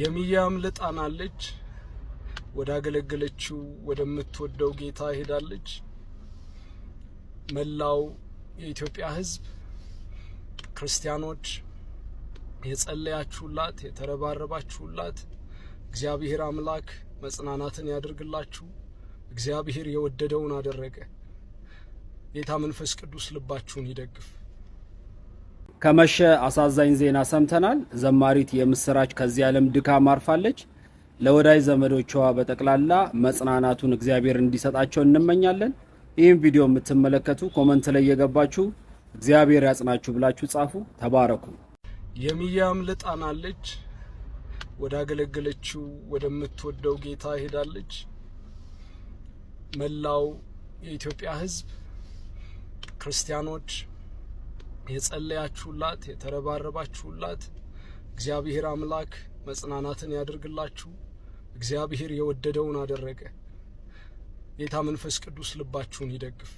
የሚያም ልጣናለች ወዳገለገለችው ወደምትወደው ጌታ ሄዳለች። መላው የኢትዮጵያ ሕዝብ ክርስቲያኖች የጸለያችሁላት የተረባረባችሁላት እግዚአብሔር አምላክ መጽናናትን ያደርግላችሁ። እግዚአብሔር የወደደውን አደረገ። ጌታ መንፈስ ቅዱስ ልባችሁን ይደግፍ። ከመሸ አሳዛኝ ዜና ሰምተናል። ዘማሪት የምስራች ከዚህ ዓለም ድካም አርፋለች። ለወዳጅ ዘመዶቿ በጠቅላላ መጽናናቱን እግዚአብሔር እንዲሰጣቸው እንመኛለን። ይህም ቪዲዮ የምትመለከቱ ኮመንት ላይ የገባችሁ እግዚአብሔር ያጽናችሁ ብላችሁ ጻፉ። ተባረኩ። የሚያም ልጣናለች፣ ወዳገለገለችው ወደምትወደው ጌታ ሄዳለች። መላው የኢትዮጵያ ሕዝብ ክርስቲያኖች የጸለያችሁላት የተረባረባችሁላት እግዚአብሔር አምላክ መጽናናትን ያደርግላችሁ። እግዚአብሔር የወደደውን አደረገ። ጌታ መንፈስ ቅዱስ ልባችሁን ይደግፍ።